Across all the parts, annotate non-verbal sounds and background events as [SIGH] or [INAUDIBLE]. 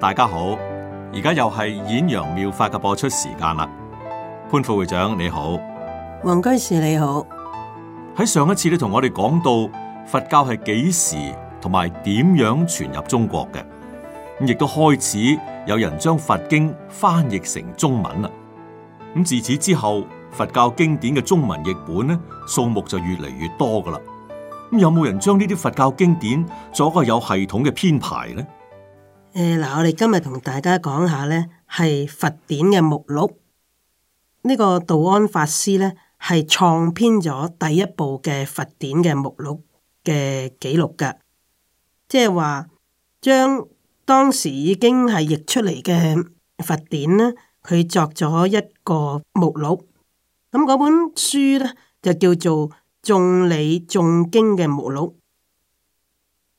大家好，而家又係衍陽妙法嘅播出時間啦。潘副會長你好，黃居士你好。喺上一次你同我哋講到佛教係幾時同埋點樣傳入中國嘅，咁亦都開始有人將佛經翻譯成中文啦。咁自此之後，佛教經典嘅中文譯本咧數目就越嚟越多噶啦。咁有冇人將呢啲佛教經典做一個有系統嘅編排咧？誒嗱、呃，我哋今日同大家講下呢，係佛典嘅目錄。呢、呢個道安法師呢，係創編咗第一部嘅佛典嘅目錄嘅記錄㗎。即係話將當時已經係譯出嚟嘅佛典呢，佢作咗一個目錄。咁嗰本書呢，就叫做《眾理眾經錄》嘅目錄。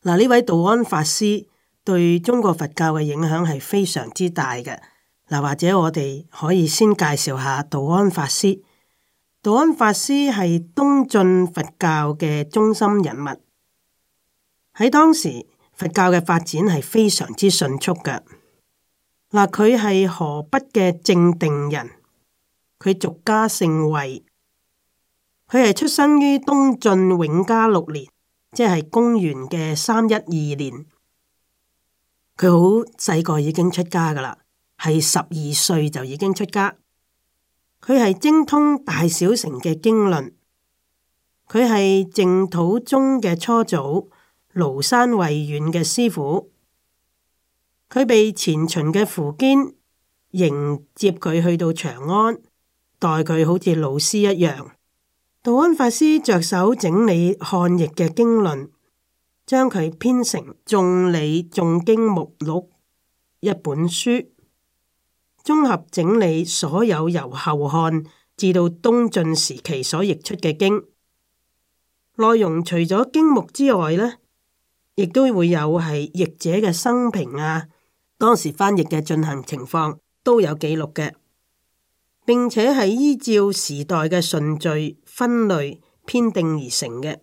嗱、呃，呢位道安法師，對中國佛教嘅影響係非常之大嘅。嗱，或者我哋可以先介紹下道安法師。道安法師係東晉佛教嘅中心人物，喺當時佛教嘅發展係非常之迅速嘅。嗱，佢係河北嘅正定人，佢俗家姓衛，佢係出生於東晉永嘉六年，即係公元嘅三一二年。佢好細個已經出家噶啦，係十二歲就已經出家。佢係精通大小乘嘅經論，佢係淨土宗嘅初祖廬山慧遠嘅師父。佢被前秦嘅苻堅迎接佢去到長安，待佢好似老師一樣。道安法師着手整理漢譯嘅經論。將佢編成《綜理眾經目錄》一本書，綜合整理所有由後漢至到東晉時期所譯出嘅經，內容除咗經目之外呢，亦都會有係譯者嘅生平啊，當時翻譯嘅進行情況都有記錄嘅，並且係依照時代嘅順序分類編定而成嘅。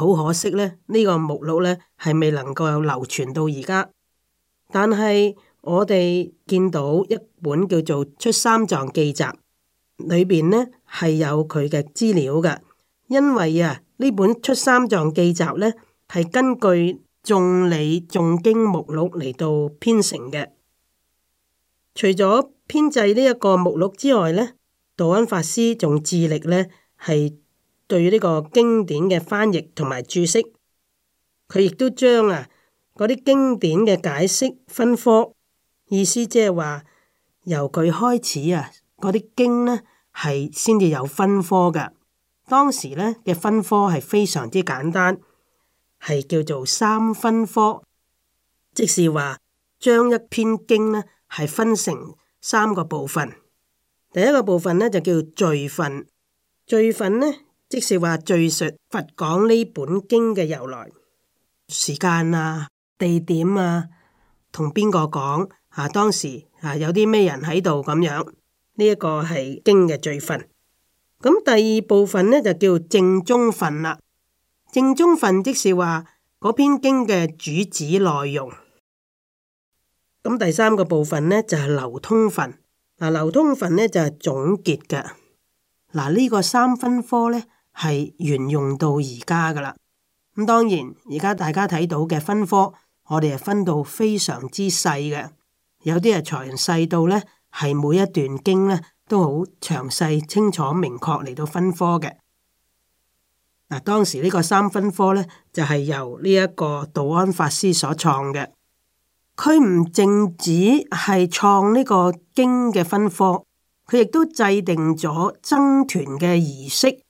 好可惜呢，呢、呢個目錄呢係未能夠有流傳到而家。但係我哋見到一本叫做《出三藏記集》裏邊呢，係有佢嘅資料嘅，因為啊呢本《出三藏記集》呢係根據《眾理眾經目錄》嚟到編成嘅。除咗編製呢一個目錄之外呢，道安法師仲致力呢係。對呢個經典嘅翻譯同埋注釋，佢亦都將啊嗰啲經典嘅解釋分科。意思即係話，由佢開始啊，嗰啲經呢係先至有分科㗎。當時呢嘅分科係非常之簡單，係叫做三分科，即是話將一篇經呢係分成三個部分。第一個部分呢就叫做序分，序分呢。即是話敘述佛講呢本經嘅由來、時間啊、地點啊，同邊個講啊，當時啊有啲咩人喺度咁樣？呢、這、一個係經嘅序分。咁第二部分呢，就叫正宗分啦。正宗分即是話嗰篇經嘅主旨內容。咁第三個部分呢，就係、是、流通分。嗱、啊，流通分呢，就係、是、總結嘅。嗱、啊，呢、這個三分科呢。係沿用到而家噶啦，咁當然而家大家睇到嘅分科，我哋係分到非常之細嘅，有啲係才人細到呢係每一段經呢都好詳細、清楚、明確嚟到分科嘅。嗱，當時呢個三分科呢，就係由呢一個道安法師所創嘅，佢唔淨止係創呢個經嘅分科，佢亦都制定咗僧團嘅儀式。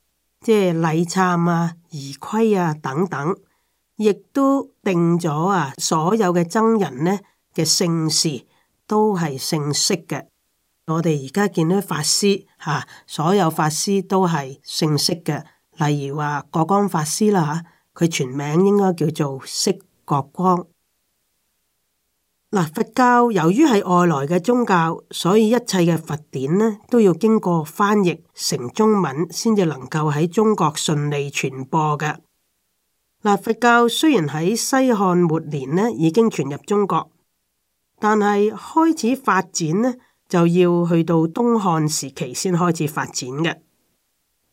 即係禮懺啊、儀規啊等等，亦都定咗啊，所有嘅僧人呢嘅姓氏都係姓釋嘅。我哋而家見到法師吓、啊，所有法師都係姓釋嘅。例如話、啊、國光法師啦吓，佢、啊、全名應該叫做釋國光。嗱，佛教由於係外來嘅宗教，所以一切嘅佛典呢，都要經過翻譯成中文，先至能夠喺中國順利傳播嘅。嗱，佛教雖然喺西漢末年呢已經傳入中國，但係開始發展呢就要去到東漢時期先開始發展嘅。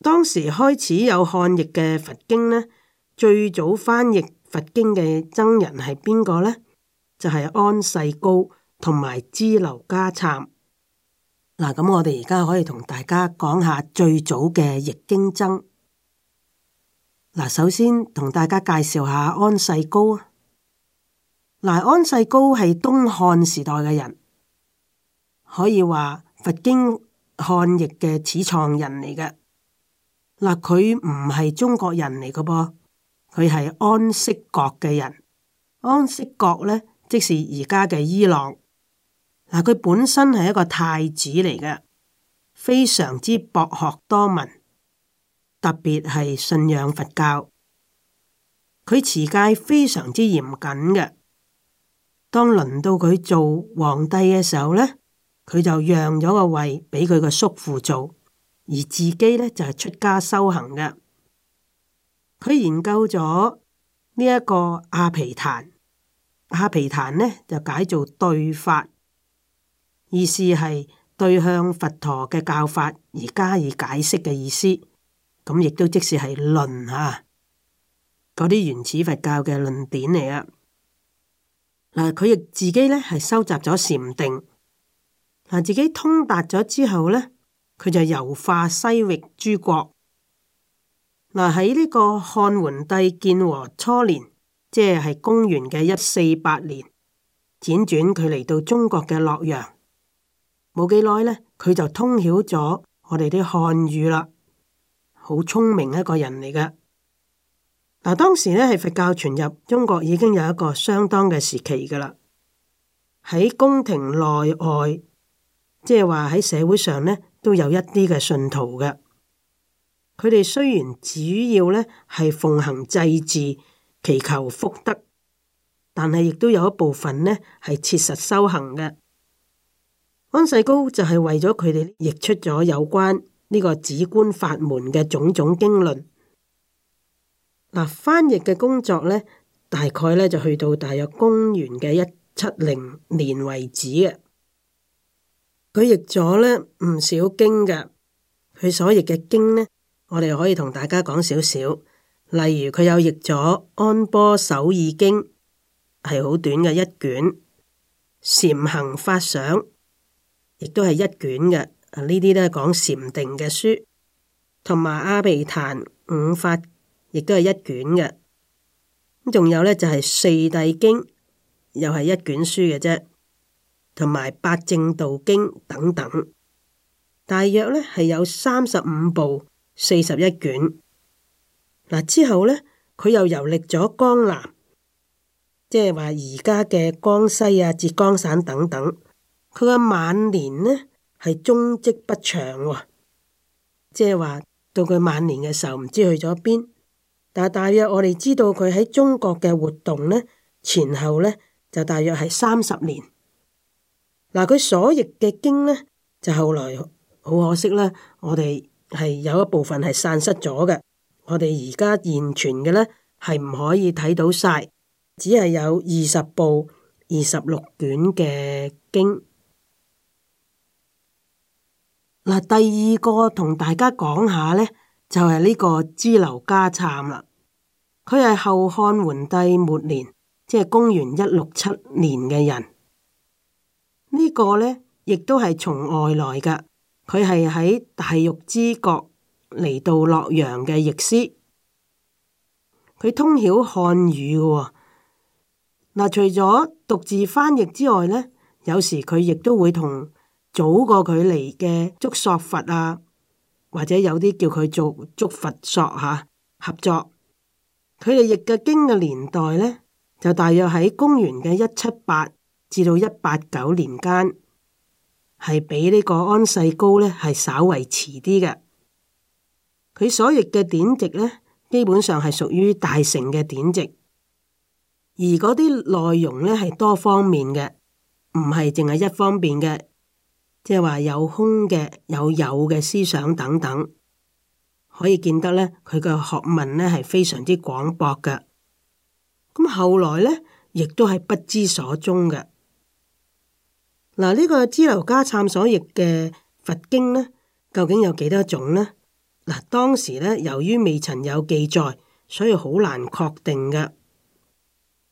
當時開始有漢譯嘅佛經呢，最早翻譯佛經嘅僧人係邊個呢？就係安世高同埋支婁迦讖。嗱，咁我哋而家可以同大家講下最早嘅譯經僧。嗱，首先同大家介紹下安世高啊，嗱，安世高係東漢時代嘅人，可以話佛經漢譯嘅始創人嚟嘅。嗱，佢唔係中國人嚟噶噃，佢係安息國嘅人，安息國呢。即是而家嘅伊朗，嗱，佢本身係一個太子嚟嘅，非常之博學多聞，特別係信仰佛教。佢持戒非常之嚴謹嘅。當輪到佢做皇帝嘅時候呢，佢就讓咗個位俾佢個叔父做，而自己呢就係出家修行嘅。佢研究咗呢一個阿皮壇。阿毗曇呢就解做對法，意思係對向佛陀嘅教法而加以解釋嘅意思，咁亦都即是係論吓，嗰啲原始佛教嘅論點嚟啊。嗱，佢亦自己呢係收集咗禪定，嗱自己通達咗之後呢，佢就遊化西域諸國，嗱喺呢個漢桓帝建和初年，即係公元嘅一四八年，輾轉佢嚟到中國嘅洛陽，冇幾耐呢，佢就通曉咗我哋啲漢語啦，好聰明一個人嚟噶。嗱，當時呢，係佛教傳入中國已經有一個相當嘅時期噶啦，喺宮廷內外，即係話喺社會上呢，都有一啲嘅信徒嘅。佢哋雖然主要呢係奉行祭祀，祈求福德，但係亦都有一部分呢係切實修行嘅。安世高就係為咗佢哋，譯出咗有關呢個止觀法門嘅種種經論。嗱、啊，翻譯嘅工作呢，大概呢就去到大約公元嘅一七零年為止嘅。佢譯咗呢唔少經噶，佢所譯嘅經呢，我哋可以同大家講少少。例如佢有譯咗《安般守意經》，係好短嘅一卷；《禪行法想》亦都係一卷嘅。呢啲都係講禪定嘅書，同埋《阿毗曇五法》亦都係一卷嘅。仲有呢，就係、是《四諦經》，又係一卷書嘅啫。同埋《八正道經》等等，大約呢，係有三十五部四十一卷。嗱，之後呢，佢又遊歷咗江南，即係話而家嘅江西啊、浙江省等等。佢嘅晚年呢，係蹤跡不詳喎、哦，即係話到佢晚年嘅時候唔知去咗邊。但係大約我哋知道佢喺中國嘅活動呢，前後呢，就大約係三十年。嗱、啊，佢所譯嘅經呢，就後來好可惜啦，我哋係有一部分係散失咗嘅。我哋而家現存嘅呢，係唔可以睇到晒，只係有二十部、二十六卷嘅經。嗱，第二個同大家講下呢，就係、是、呢個支婁迦讖啦。佢係後漢桓帝末年，即係公元一六七年嘅人。呢、這個呢，亦都係從外來嘅。佢係喺大月支國。嚟到洛陽嘅譯師，佢通曉漢語嘅、哦。嗱，除咗獨自翻譯之外呢，有時佢亦都會同早過佢嚟嘅竺朔佛啊，或者有啲叫佢做竺佛朔、啊、合作。佢哋譯嘅經嘅年代呢，就大約喺公元嘅一七八至到一八九年間，係比呢個安世高呢係稍為遲啲嘅。佢所譯嘅典籍呢，基本上係屬於大乘嘅典籍，而嗰啲內容呢，係多方面嘅，唔係淨係一方面嘅，即係話有空嘅、有有嘅思想等等，可以見得呢，佢嘅學問呢係非常之廣博嘅。咁後來呢，亦都係不知所終嘅。嗱，呢個支婁迦讖所譯嘅佛經呢，究竟有幾多種呢？嗱，當時由於未曾有記載，所以好難確定㗎。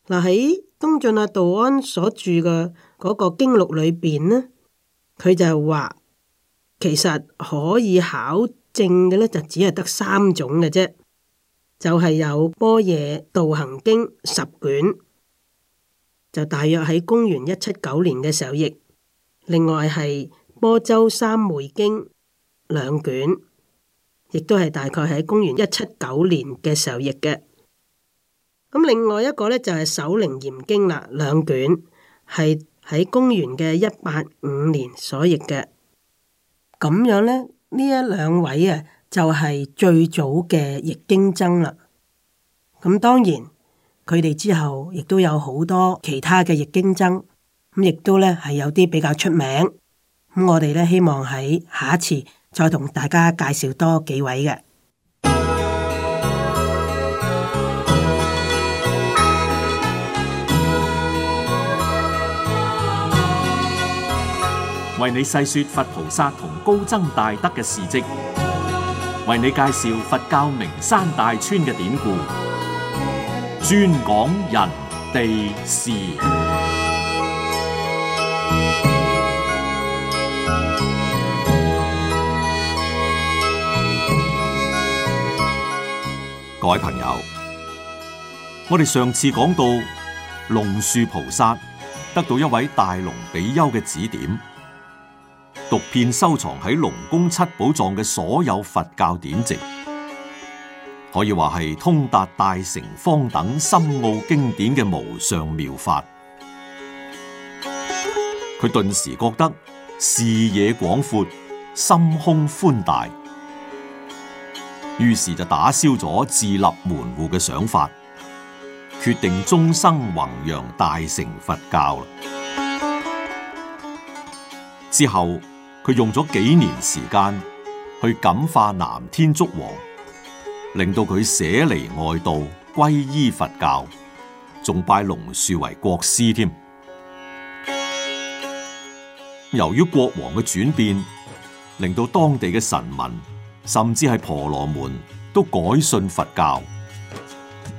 嗱，喺東晉阿道安所著嘅嗰個經錄裏邊呢，佢就話其實可以考證嘅呢，就只係得三種嘅啫，就係有般若道行經十卷，就大約喺公元一七九年嘅首譯；另外係般舟三昧經兩卷。亦都係大概喺公元一七九年嘅時候譯嘅。咁另外一個呢，就係首楞嚴經啦，兩卷係喺公元嘅一八五年所譯嘅。咁樣呢，呢一兩位啊，就係最早嘅譯經僧啦。咁當然佢哋之後亦都有好多其他嘅譯經僧，咁亦都呢，係有啲比較出名。咁我哋呢，希望喺下一次。再同大家介紹多幾位嘅。 [NOISE] 為你細說佛菩薩同高僧大德嘅事跡，為你介紹佛教名山大川嘅典故，專講人地事。各位朋友，我哋上次講到龍樹菩薩得到一位大龍比丘嘅指點，讀遍收藏喺龍宮七寶藏嘅所有佛教典籍，可以話係通達大乘方等深奧經典嘅無上妙法。佢頓時覺得視野廣闊，心胸寬大。於是就打消咗自立門戶嘅想法，決定終生弘揚大乘佛教啦。之後佢用咗幾年時間去感化南天竺王，令到佢捨離外道，皈依佛教，仲拜龍樹為國師添。由於國王嘅轉變，令到當地嘅臣民。甚至係婆羅門都改信佛教，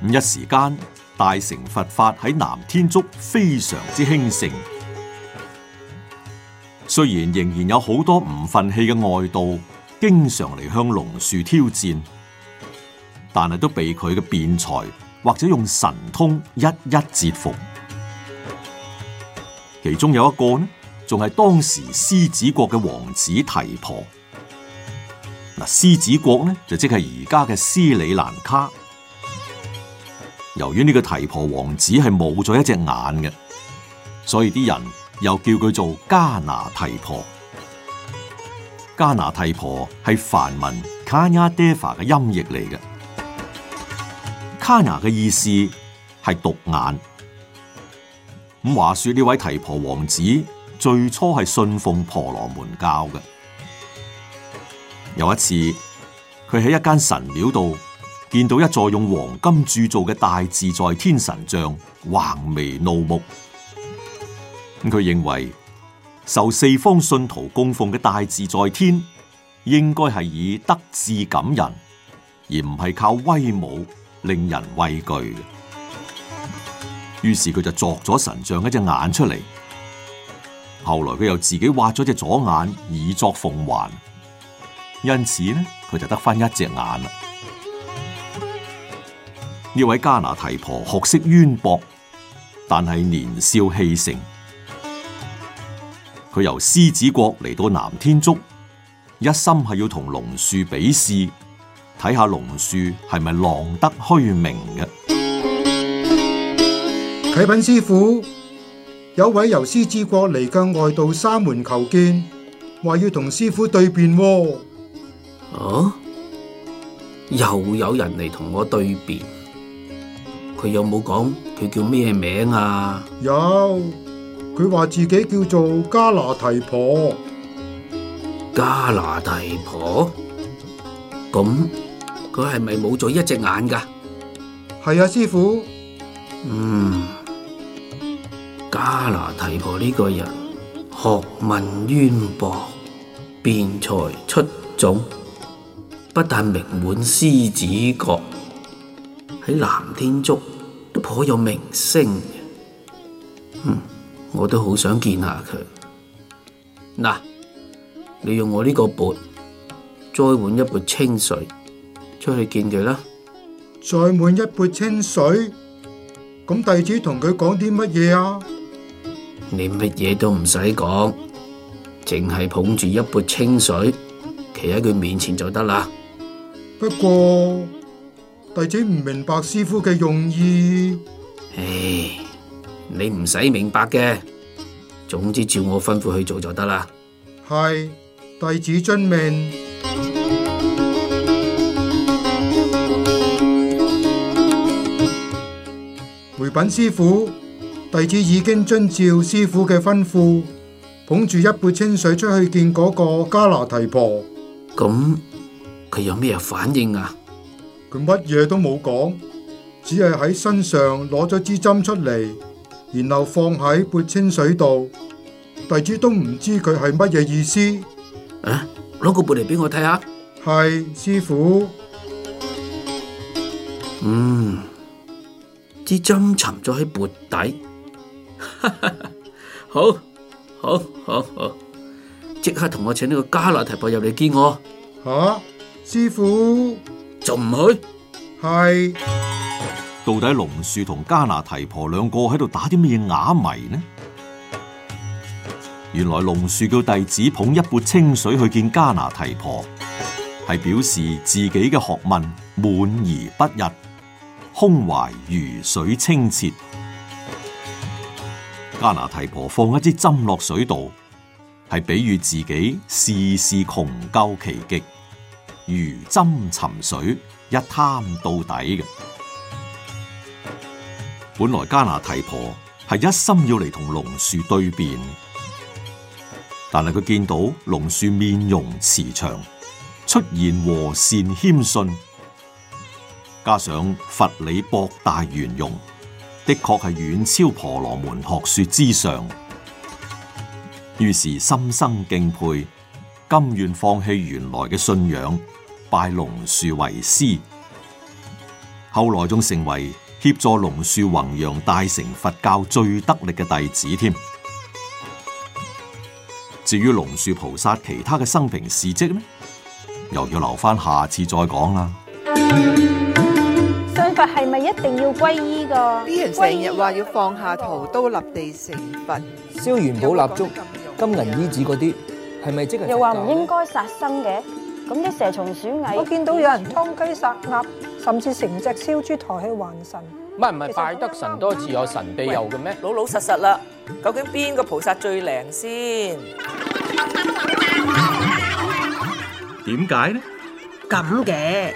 一時間大乘佛法喺南天竺非常之興盛。雖然仍然有好多唔忿氣嘅外道，經常嚟向龍樹挑戰，但係都被佢嘅辯才或者用神通一一折服。其中有一個呢，仲係當時獅子國嘅王子提婆。嗱，獅子國呢，就即係而家嘅斯里蘭卡。由於呢個提婆王子係冇咗一隻眼嘅，所以啲人又叫佢做加拿提婆。加拿提婆係梵文卡 a n a d 嘅音譯嚟嘅。卡 a 嘅意思係獨眼。咁話說呢位提婆王子最初係信奉婆羅門教嘅。有一次，佢喺一間神廟度見到一座用黃金鑄造嘅大自在天神像，橫眉怒目。咁佢認為受四方信徒供奉嘅大自在天，應該係以德智感人，而唔係靠威武令人畏懼。於是佢就鑿咗神像一隻眼出嚟，後來佢又自己挖咗隻左眼以作奉還。因此呢，佢就得返一隻眼啦。呢位迦那提婆學識淵博，但係年少氣盛。佢由獅子國嚟到南天竺，一心係要同龍樹比試，睇下龍樹係咪浪得虛名嘅。啟稟師傅，有位由獅子國嚟嘅外道三門求見，話要同師傅對辯喎。哦，又有人嚟同我對辯，佢有冇講佢叫咩名啊？有，佢話自己叫做加拿提婆。加拿提婆，咁佢係咪冇咗一隻眼噶？係啊，師傅。嗯，加拿提婆呢個人學問淵博，辯才出眾。不但名滿獅子國，喺南天竺都頗有名聲。嗯，我都好想見下佢。嗱，你用我呢個缽再換一缽清水出去見佢啦。再換一缽清水，咁弟子同佢講啲乜嘢啊？你乜嘢都唔使講，淨係捧住一缽清水企喺佢面前就得啦。不過弟子唔明白師父嘅用意。唉，你唔使明白嘅，總之照我吩咐去做就得啦。係，弟子遵命。回稟師父，弟子已經遵照師父嘅吩咐，捧住一杯清水出去見嗰個加拿提婆。咁。佢有咩反應啊？佢乜嘢都冇講，只係喺身上攞咗支針出嚟，然後放喺缽清水度。弟子都唔知佢係乜嘢意思。啊！攞個缽嚟俾我睇下。係師父！嗯，支針沉咗喺缽底。好 [LAUGHS] 好，即刻同我請呢個迦納提婆入嚟見我。啊？師傅，就唔去？係是到底龍樹同加拿提婆兩個喺度打啲咩嘢啞謎呢？原來龍樹叫弟子捧一杯清水去見加拿提婆，係表示自己嘅學問滿而不溢，胸懷如水清澈。加拿提婆放一支針落水度，係比喻自己事事窮究其極。如針沉水，一探到底嘅。本來迦那提婆係一心要嚟同龍樹對辯，但係佢見到龍樹面容慈祥，出言和善謙遜，加上佛理博大圓融，的確係遠超婆羅門學說之上，於是心生敬佩，甘願放棄原來嘅信仰。拜龍樹為師，後來仲成為協助龍樹弘揚大乘佛教最得力嘅弟子添。至於龍樹菩薩其他嘅生平事跡呢，又要留翻下，下次再講啦。信佛係咪一定要皈依㗎？啲人成日話要放下屠刀立地成佛，燒元寶蠟燭、金銀衣紙嗰啲，係咪、嗯、即係又話唔應該殺生嘅？咁啲蛇蟲鼠蟻，我見到有人劏雞殺鴨，甚至成隻燒豬抬起還神。唔係唔係，拜得神多自有神庇佑嘅咩？老老實實啦，究竟邊個菩薩最靈先？點解呢？咁嘅，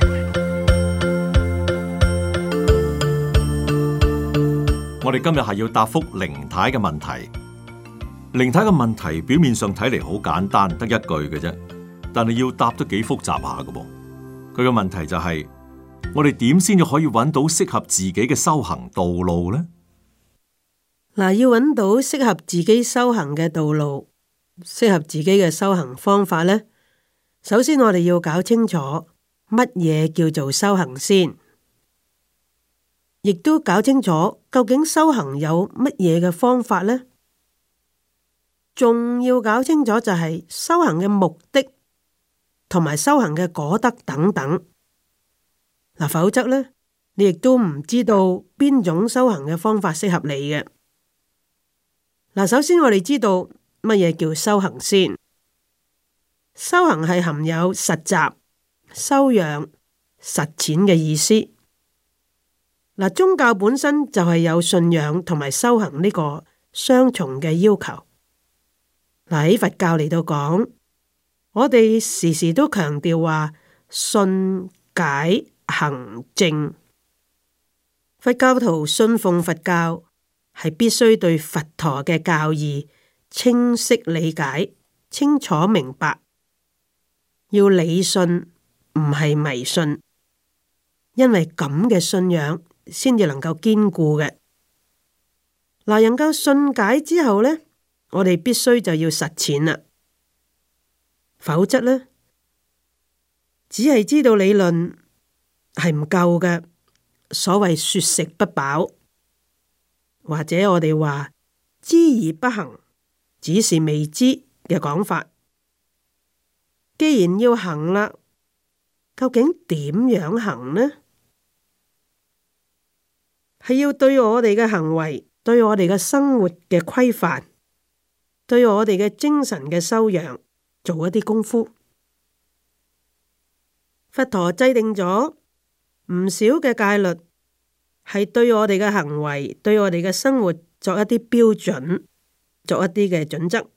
我哋今日係要答復靈太嘅問題。靈太嘅問題表面上睇嚟好簡單，得一句嘅啫。但係要答得幾複雜下㗎喎，佢個問題就係我哋點先至可以搵到適合自己嘅修行道路呢？嗱，要搵到適合自己修行嘅道路，適合自己嘅修行方法呢，首先我哋要搞清楚乜嘢叫做修行先，亦都搞清楚究竟修行有乜嘢嘅方法呢，仲要搞清楚就係修行嘅目的，同埋修行嘅果德等等，嗱，否則呢，你亦都唔知道邊種修行嘅方法適合你嘅。嗱，首先我哋知道乜嘢叫修行先。修行係含有實習、修養、實踐嘅意思。嗱，宗教本身就係有信仰同埋修行呢個雙重嘅要求。嗱，喺佛教嚟到講。我哋時時都強調話，信解行證。佛教徒信奉佛教係必須對佛陀嘅教義清晰理解、清楚明白，要理信唔係迷信，因為咁嘅信仰先至能夠堅固嘅。嗱，能夠信解之後呢，我哋必須就要實踐啦。否則呢，只係知道理論係唔夠嘅。所謂説食不飽，或者我哋話知而不行，只是未知嘅講法。既然要行啦，究竟點樣行呢？係要對我哋嘅行為，對我哋嘅生活嘅規範，對我哋嘅精神嘅修養，做一啲功夫，佛陀制定咗唔少嘅戒律，係對我哋嘅行為、對我哋嘅生活作一啲標準，作一啲嘅準則，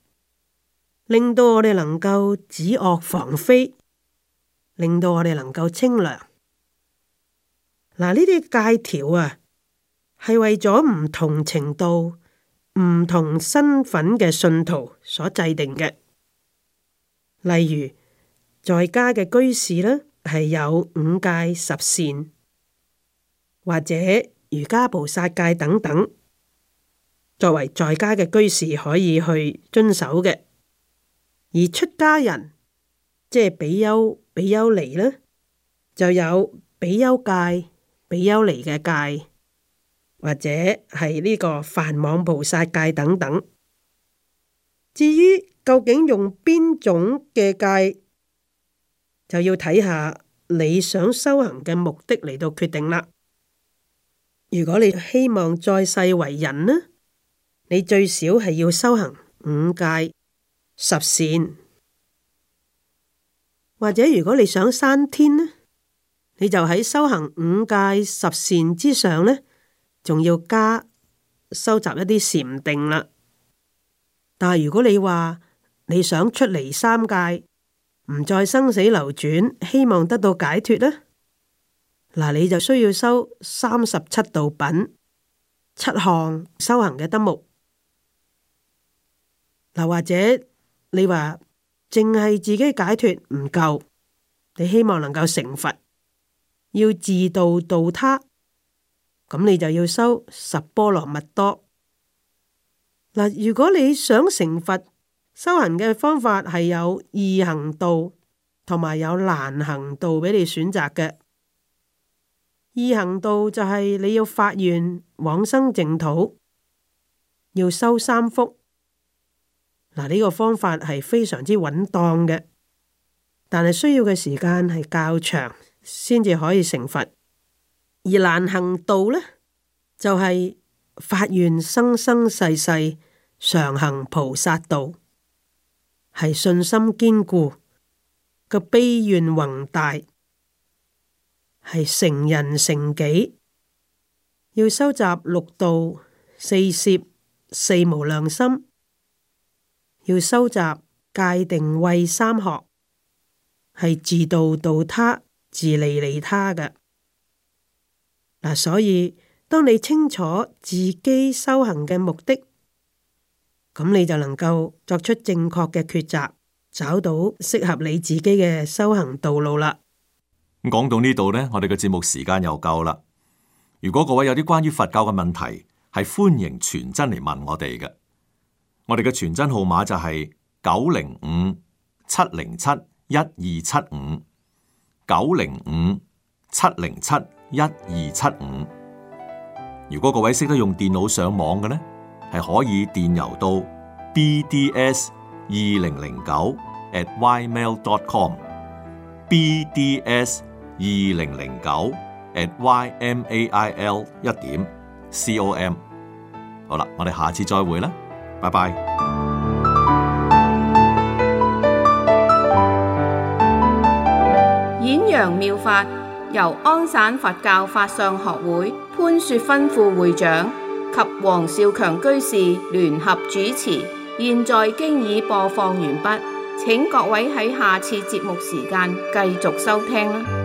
令到我哋能夠止惡防非，令到我哋能夠清涼。嗱，呢啲戒條啊，係為咗唔同程度、唔同身份嘅信徒所制定嘅。例如，在家嘅居士呢，係有五戒十善，或者瑜伽菩薩戒等等，作為在家嘅居士可以去遵守嘅；而出家人，即係比丘、比丘尼呢，就有比丘戒、比丘尼嘅戒，或者係呢個梵網菩薩戒等等。至於究竟用邊種嘅戒，就要睇下你想修行嘅目的嚟到決定啦。如果你希望再世為人呢，你最少係要修行五戒十善；或者如果你想生天呢，你就喺修行五戒十善之上呢，仲要加收集一啲禪定啦。嗱，如果你話你想出嚟三界，唔再生死流轉，希望得到解脫呢？嗱，你就需要修三十七道品七項修行嘅德目。嗱，或者你話淨係自己解脫唔夠，你希望能夠成佛，要自度度他，咁你就要修十波羅蜜多。嗱，如果你想成佛，修行嘅方法係有易行道同埋有難行道俾你選擇嘅。易行道就係你要發願往生淨土，要修三福。嗱，呢個方法係非常之穩當嘅，但係需要嘅時間係較長，先至可以成佛。而難行道呢，就係、是、發願生生世世。常行菩薩道，係信心堅固，個悲願宏大，係成人成己。要收集六度四攝四無量心，要收集戒定慧三學，係自度度他，自利利他嘅。嗱、啊，所以當你清楚自己修行嘅目的，咁你就能夠作出正確嘅抉擇，找到適合你自己嘅修行道路啦。咁講到呢度呢，我哋嘅節目時間又夠啦。如果各位有啲關於佛教嘅問題，係歡迎傳真嚟問我哋嘅。我哋嘅傳真號碼就係九零五七零七一二七五，九零五七零七一二七五。如果各位識得用電腦上網嘅呢？係可以電郵到 bds 二零零九 atymail.com，bds 二零零九 atymail 一點 com。好啦，我哋下次再會啦，拜拜。演揚妙法，由安省佛教法相學會潘雪芬副會長，及王少強居士聯合主持，現在已經已播放完畢，請各位喺下次節目時間繼續收聽。